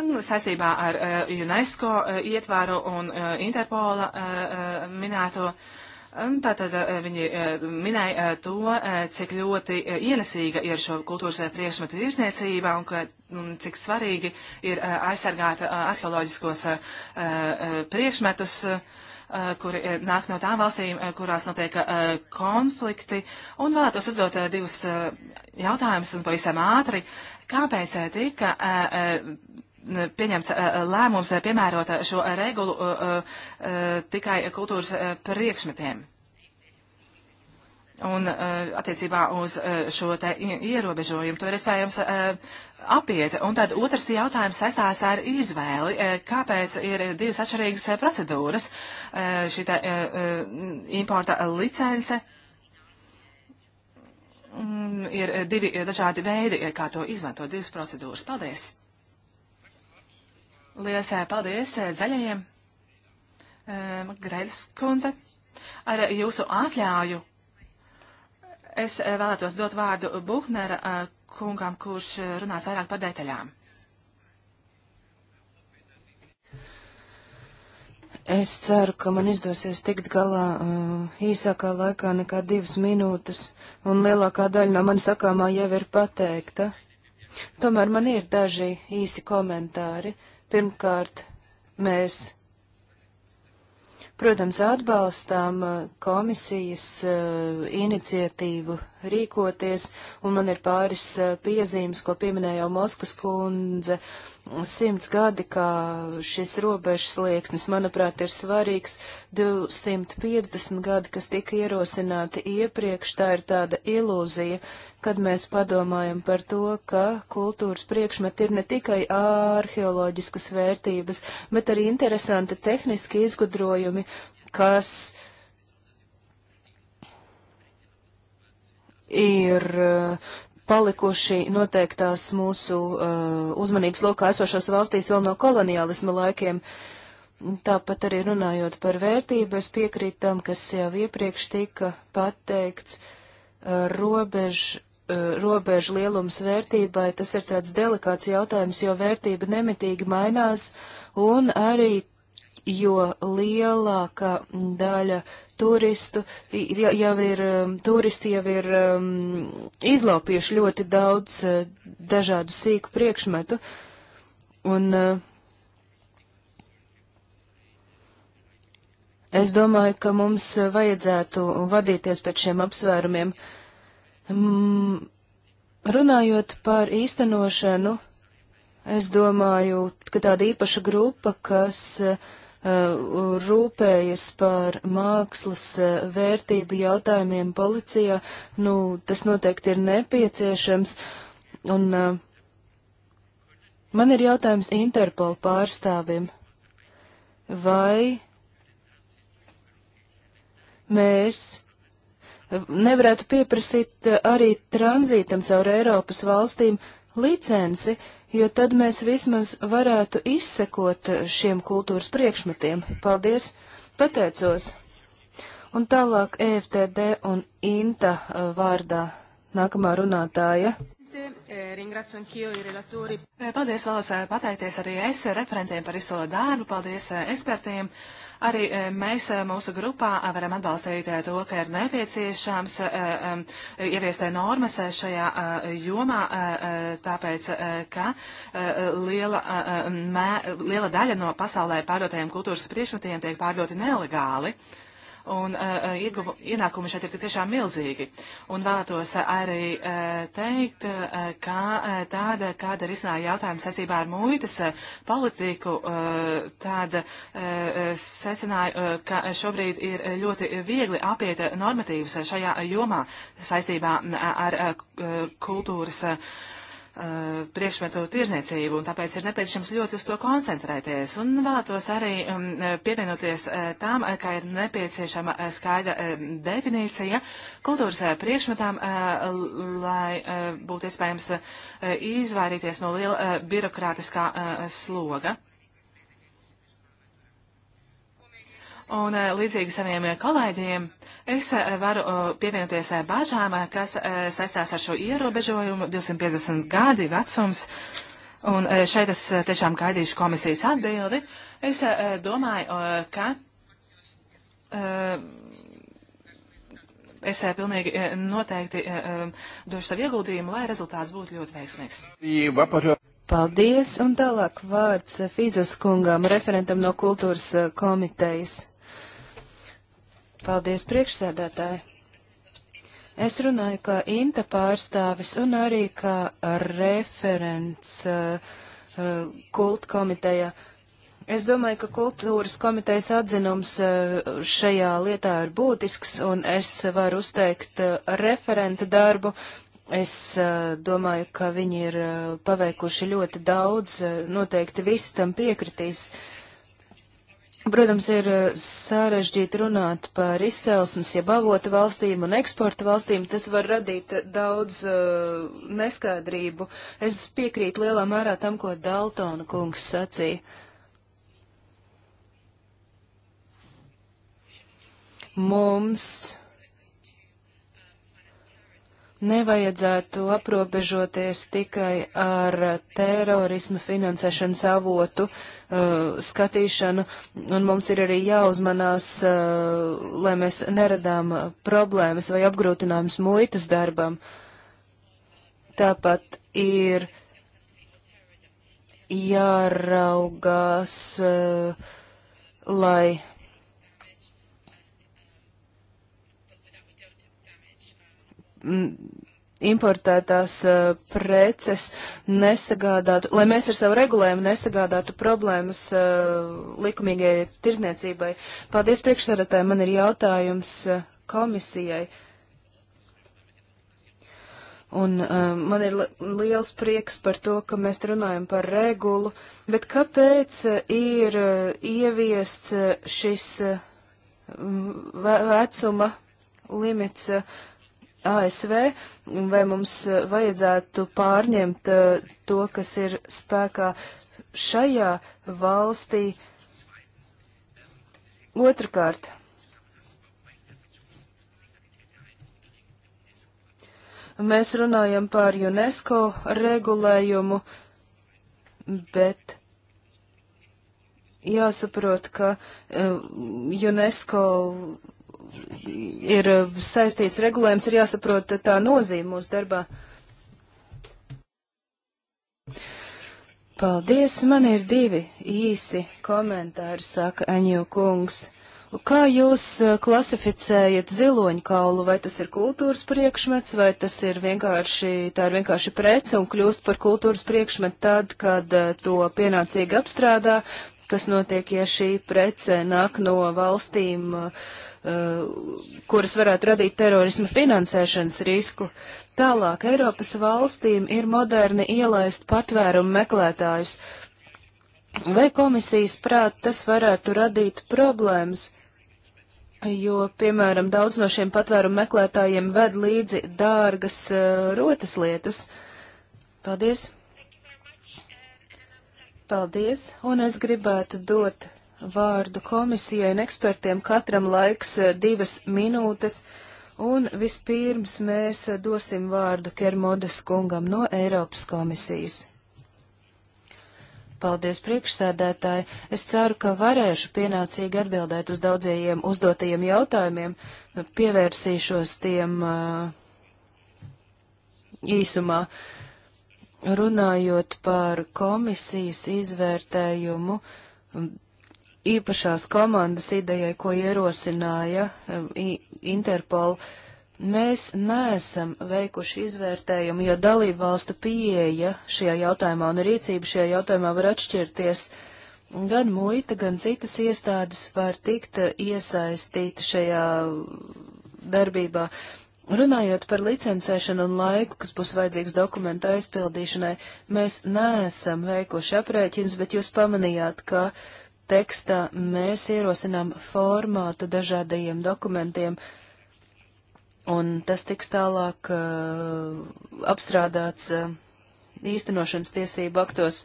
Speaker 3: mm, saistībā ar UNESCO ietvaru un Interpola minēto. Mm, tātad viņi minēja to, cik ļoti ienesīga ir šo kultūras priekšmetu tirsniecība un, ka, un mm, cik svarīgi ir aizsargāt arheoloģiskos priekšmetus. Uh, Eh, kuri eh, nāk no tām valstīm, eh, kurās notiek konflikti. Un vēlētos uzdot divus jautājumus un pavisam ātri. Kāpēc tika pieņemts lēmums piemērot šo regulu tikai kultūras priekšmetiem? Un attiecībā uz šo te ierobežojumu to ir iespējams apiet. Un tad otrs jautājums saistās ar izvēli. Eh, kāpēc ir divas atšķirīgas eh, procedūras? Eh, šī importa licence mm, ir divi dažādi veidi, kā to izmantot, divas procedūras. Paldies! Lielas paldies zaļajiem! Greidas kundze, ar jūsu atļauju es vēlētos dot vārdu Buhnera kungam, kurš eh, runās vairāk par detaļām.
Speaker 1: Es ceru, ka man izdosies tikt galā uh, īsākā laikā nekā divas minūtes, un lielākā daļa no man sakāmā jau ir pateikta. Tomēr man ir daži īsi komentāri. Pirmkārt, mēs Protams, atbalstām uh, komisijas uh, iniciatīvu rīkoties, un man ir pāris uh, piezīmes, ko pieminēja jau Moskas kundze simts gadi, kā šis robežas lieksnis, manuprāt, ir svarīgs. 250 gadi, kas tika ierosināti iepriekš, tā ir tāda ilūzija, kad mēs padomājam par to, ka kultūras priekšmeti ir ne tikai arheoloģiskas vērtības, bet arī interesanti tehniski izgudrojumi, kas ir palikuši noteiktās mūsu uh, uzmanības lokā esošās valstīs vēl no koloniālisma laikiem. Tāpat arī runājot par vērtību, es piekrītu tam, kas jau iepriekš tika pateikts, uh, robežu uh, robežu lielums vērtībai, tas ir tāds delikāts jautājums, jo vērtība nemitīgi mainās, un arī jo lielākā daļa turistu jau ir, um, turisti jau ir um, izlaupījuši ļoti daudz uh, dažādu sīku priekšmetu. Un uh, es domāju, ka mums vajadzētu vadīties pēc šiem apsvērumiem. Mm, runājot par īstenošanu, es domāju, ka tāda īpaša grupa, kas uh, Uh, rūpējas par mākslas uh, vērtību jautājumiem policijā, nu, tas noteikti ir nepieciešams. Un uh, man ir jautājums Interpol pārstāvim. Vai mēs nevarētu pieprasīt arī tranzītam caur Eiropas valstīm licenci, uh, jo tad mēs vismaz varētu izsekot šiem kultūras priekšmetiem. Paldies! Pateicos! Un tālāk EFTD un INTA uh, vārdā nākamā runātāja.
Speaker 3: Paldies, vēlos uh, pateikties arī es referentiem par izsolo darbu, paldies uh, ekspertiem Arī eh, mēs eh, mūsu grupā eh, varam atbalstīt to, ka ir nepieciešams ieviest normas šajā jomā, tāpēc, ka liela, mē, liela daļa no pasaulē pārdotajiem kultūras priekšmetiem tiek pārdoti nelegāli. Uh, un uh, ieguvu, ienākumi šeit ir tik tiešām milzīgi. Un vēlētos eh, arī uh, teikt, uh, ka uh, tāda, kāda ir izcināja jautājums saistībā ar muitas uh, politiku, uh, tāda uh, secināja, uh, ka šobrīd ir ļoti viegli apiet normatīvas šajā jomā saistībā ar uh, kultūras. Uh, Uh, priekšmetu tirzniecību, un tāpēc ir nepieciešams ļoti uz to koncentrēties. Un vēlētos arī um, pievienoties uh, tām, uh, ka ir nepieciešama uh, skaidra uh, definīcija kultūras uh, priekšmetām, uh, lai uh, būtu iespējams uh, izvairīties no liela uh, birokrātiskā uh, sloga. Uh, Un eh, līdzīgi saviem eh, kolēģiem, es eh, varu pievienoties bažām, kas saistās ar šo ierobežojumu 250 gadi vecums. Un šeit es tiešām gaidīšu komisijas atbildi. Es domāju, ka. Es pilnīgi noteikti došu savu ieguldījumu, lai rezultāts būtu ļoti veiksmīgs.
Speaker 1: Paldies, un tālāk vārds Fīzas kungām, referentam no kultūras komitejas. Paldies, priekšsēdētāji! Es runāju kā Inta pārstāvis un arī kā referents uh, uh, kulta komiteja. Es domāju, ka kultūras komitejas atzinums uh, šajā lietā ir būtisks, un es varu uzteikt uh, referenta darbu. Es uh, domāju, ka viņi ir uh, paveikuši ļoti daudz, noteikti visi tam piekritīs. Uh, Protams, ir eh, sarežģīti runāt par izcelsmes, jeb avotu valstīm un eksporta valstīm. Tas var radīt eh, daudz uh, neskaidrību. Es piekrītu lielā mērā tam, ko Daltona kungs sacīja. Mums nevajadzētu aprobežoties tikai ar terorisma finansēšanas avotu. Uh, uh, skatīšanu, un mums ir arī jāuzmanās, uh, lai mēs neradām problēmas vai apgrūtinājums muitas darbam. Tāpat ir jāraugās, uh, lai. Mm, importētās uh, preces nesagādātu, lai mēs ar savu regulējumu nesagādātu problēmas uh, likumīgajai tirzniecībai. Paldies priekšsaratāji, man ir jautājums uh, komisijai. Un uh, man ir li liels prieks par to, ka mēs runājam par regulu, bet kāpēc uh, ir uh, ieviests uh, šis uh, vecuma limits? Uh, ASV, vai mums eh, vajadzētu pārņemt eh, to, kas ir spēkā šajā valstī. Otrakārt, mēs runājam par UNESCO regulējumu, bet jāsaprot, ka eh, UNESCO ir eh, saistīts regulējums, ir jāsaprot tā nozīme mūsu darbā. Paldies, man ir divi īsi komentāri, saka Aņu kungs. Kā jūs eh, klasificējat ziloņu kaulu? Vai tas ir kultūras priekšmets, vai tas ir vienkārši, tā ir vienkārši prece un kļūst par kultūras priekšmetu tad, kad eh, to pienācīgi apstrādā, kas notiek, ja šī prece nāk no valstīm, uh, kuras varētu radīt terorisma finansēšanas risku. Tālāk Eiropas valstīm ir moderni ielaist patvērumu meklētājus. Vai komisijas prāt tas varētu radīt problēmas? Jo, piemēram, daudz no šiem patvērumu meklētājiem ved līdzi dārgas uh, rotas lietas. Paldies! Paldies, un es gribētu dot vārdu komisijai un ekspertiem katram laiks eh, divas minūtes, un vispirms mēs eh, dosim vārdu Kermodas kungam no Eiropas komisijas. Paldies, priekšsēdētāji. Es ceru, ka varēšu pienācīgi atbildēt uz daudzajiem uzdotajiem jautājumiem. Pievērsīšos tiem uh, īsumā. Uh, runājot par komisijas izvērtējumu īpašās komandas idejai, ko ierosināja Interpol, mēs neesam veikuši izvērtējumu, jo dalību valstu pieeja šajā jautājumā un rīcība šajā jautājumā var atšķirties. Gan muita, gan citas iestādes var tikt iesaistīti šajā darbībā. Uh, Runājot par licencēšanu un laiku, kas būs vajadzīgs dokumenta aizpildīšanai, mēs neesam veikuši aprēķins, bet jūs pamanījāt, ka tekstā mēs ierosinām formātu dažādajiem dokumentiem, un tas tiks tālāk uh, apstrādāts uh, īstenošanas tiesību aktos.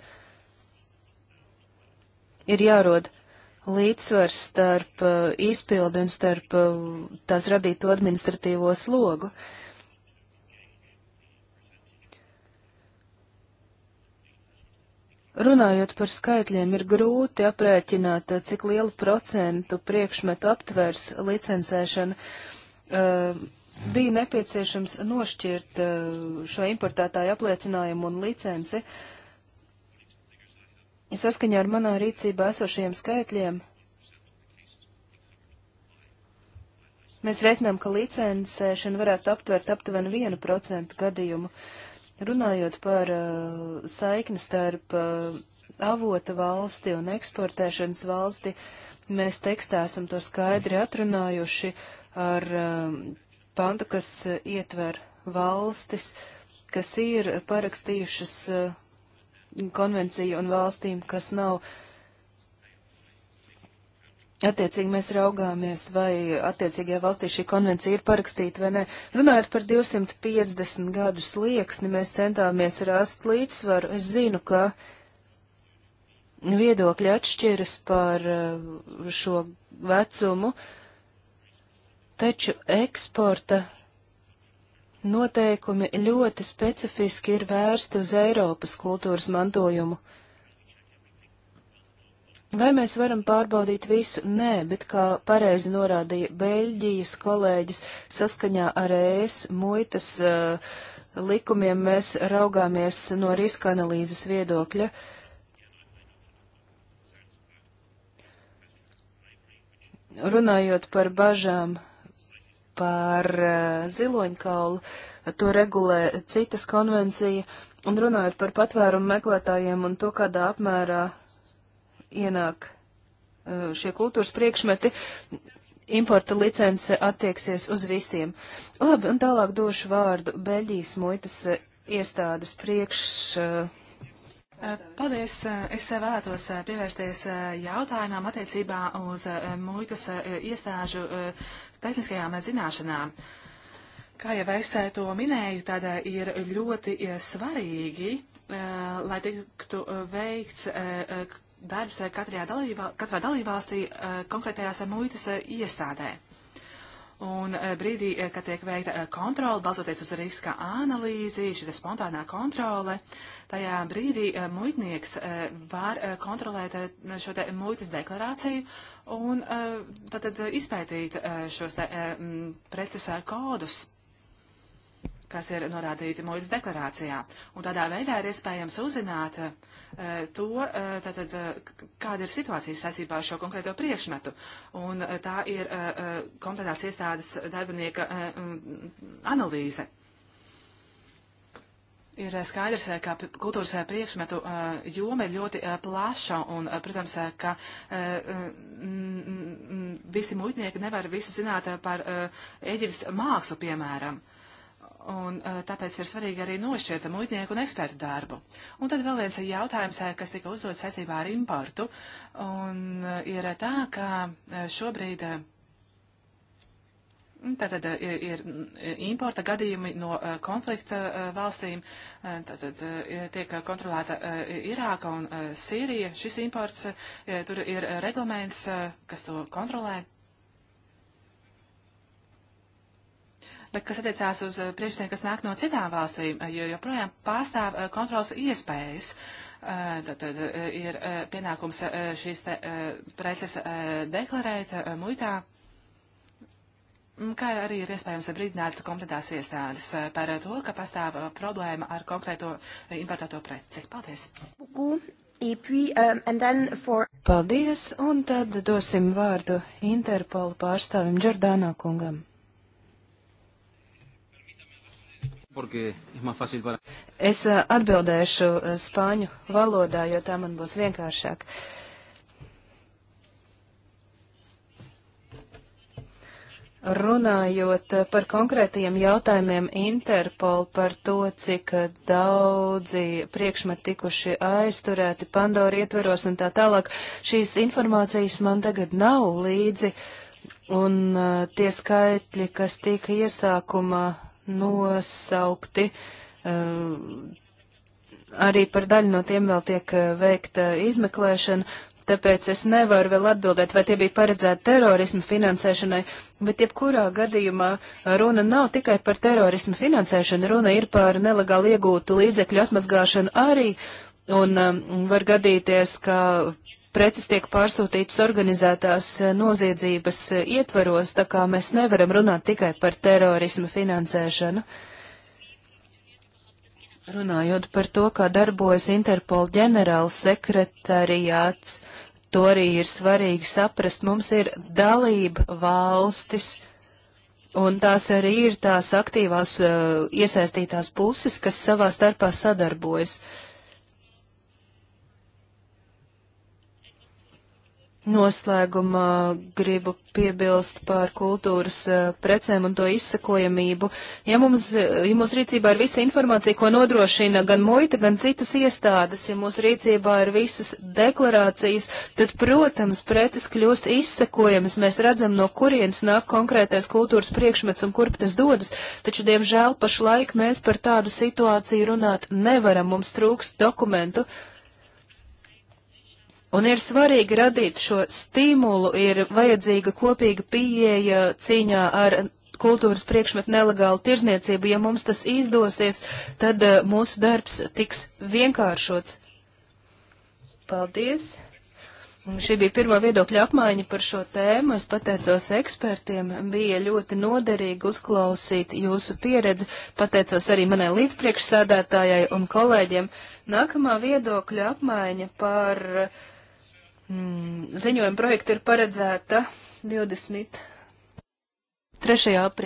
Speaker 1: Ir jārod līdzsvars starp uh, izpildi un starp uh, tās radīto administratīvo slogu. Runājot par skaitļiem, ir grūti aprēķināt, uh, cik lielu procentu priekšmetu aptvērs licencēšana. Bija nepieciešams nošķirt šo importētāju apliecinājumu un licenci. Uh, Saskaņā ar manā rīcībā esošajiem skaitļiem mēs reiķinām, ka licencēšana varētu aptvert aptuveni 1% gadījumu. Runājot par uh, saikni starp uh, avota valsti un eksportēšanas valsti, mēs tekstā esam to skaidri atrunājuši ar uh, pantu, kas ietver valstis, kas ir parakstījušas uh, konvenciju un valstīm, kas nav. Attiecīgi mēs raugāmies, vai attiecīgajā valstī šī konvencija ir parakstīta vai nē. Runājot par 250 gadu slieksni, mēs centāmies rast līdzsvaru. Es zinu, ka viedokļi atšķiras par uh, šo vecumu, taču eksporta noteikumi ļoti specifiski ir vērsti uz Eiropas kultūras mantojumu. Vai mēs varam pārbaudīt visu? Nē, bet kā pareizi norādīja Beļģijas kolēģis, saskaņā ar ES muitas uh, likumiem mēs raugāmies no riska analīzes viedokļa. Runājot par bažām par eh, ziloņkaulu to regulē citas konvencija, un runājot par patvērumu meklētājiem un to, kādā apmērā ienāk eh, šie kultūras priekšmeti, importa licence attieksies uz visiem. Labi, un tālāk došu
Speaker 3: vārdu Beļģijas muitas eh, iestādes priekš. Paldies! Es vēlētos pievērsties jautājumam attiecībā uz muitas iestāžu tehniskajām zināšanām. Kā jau es eh, to minēju, tad eh, ir ļoti eh, svarīgi, lai tiktu veikts darbs dalībā, katrā dalībvalstī konkrētajās muitas iestādē. Un brīdī, kad tiek veikta kontrola, balstoties uz riska analīzi, šī spontānā kontrole, tajā brīdī muitnieks var kontrolēt šo te muitas deklarāciju un eh, tātad eh, izpētīt eh, šos tā, preces kodus kas ir norādīti muitas deklarācijā. Un tādā veidā ir iespējams uzzināt uh, to, uh, tātad, uh, kāda ir situācija saistībā ar šo konkrēto priekšmetu. Un tā ir kompletās iestādes darbinieka analīze. Ir eh, skaidrs, eh, ka kultūras eh, priekšmetu joma ir ļoti plaša un, protams, ka visi muitnieki nevar visu zināt par Eģiptes mākslu, piemēram. Un tāpēc ir svarīgi arī nošķirt muitnieku un ekspertu darbu. Un tad vēl viens jautājums, kas tika uzdots saistībā ar importu, un ir tā, ka šobrīd Tātad e, ir importa gadījumi no e, konflikta e, valstīm, tātad tiek kontrolēta Irāka un Sīrija. Šis imports, tur ir reglaments, kas to kontrolē. Bet kas attiecās uz priekšniekiem, kas nāk no citām valstīm, jo joprojām pārstāv kontrols iespējas. Tad, tad ir pienākums šīs te, preces deklarēt muitā. Mm, kā arī ir iespējams brīdināt kompetentās iestādes eh, par to, ka pastāv eh, problēma ar konkrēto eh, importēto preci. Paldies!
Speaker 1: Euh, Paldies, un tad dosim vārdu Interpolu pārstāvim Džordānā kungam. Es atbildēšu spāņu valodā, jo tā man būs vienkāršāk. Uh, Runājot par konkrētajiem jautājumiem Interpol par to, cik daudzi priekšmeti tikuši aizturēti Pandora ietveros un tā tālāk, šīs informācijas man tagad nav līdzi, un eh, tie skaitļi, kas tika iesākumā nosaukti, eh, arī par daļu no tiem vēl tiek eh, veikta izmeklēšana, tāpēc es nevaru vēl atbildēt, vai tie bija paredzēti terorismu finansēšanai, bet jebkurā gadījumā runa nav tikai par terorismu finansēšanu, runa ir par nelegāli iegūtu līdzekļu atmazgāšanu arī, un um, var gadīties, ka preces tiek pārsūtītas organizētās noziedzības ietvaros, tā kā mēs nevaram runāt tikai par terorismu finansēšanu. Uh, Runājot par to, kā darbojas Interpol ģenerāla sekretariāts, to arī ir svarīgi saprast. Mums ir dalība valstis, un tās arī ir tās aktīvās uh, iesaistītās puses, kas savā starpā sadarbojas. Uh, Noslēgumā gribu piebilst par kultūras uh, precēm un to izsakojamību. Ja mums, ja mūsu rīcībā ir visa informācija, ko nodrošina gan muita, gan citas iestādes, ja mūsu rīcībā ir visas deklarācijas, tad, protams, preces kļūst izsakojamas. Mēs redzam, no kurienes nāk konkrētais kultūras priekšmets un kurp tas dodas, taču, diemžēl, pašlaik mēs par tādu situāciju runāt nevaram. Mums trūks dokumentu Un ir svarīgi radīt šo stimulu, ir vajadzīga kopīga pieeja cīņā ar kultūras priekšmetu nelegālu tirzniecību. Ja mums tas izdosies, tad uh, mūsu darbs tiks vienkāršots. Paldies! Un šī bija pirmā viedokļa apmaiņa par šo tēmu. Es pateicos ekspertiem, bija ļoti noderīgi uzklausīt jūsu pieredzi. Pateicos arī manai līdzpriekšsēdētājai un kolēģiem. Nākamā viedokļa apmaiņa par uh, mm, ziņojuma projekta ir paredzēta 23. aprīlī.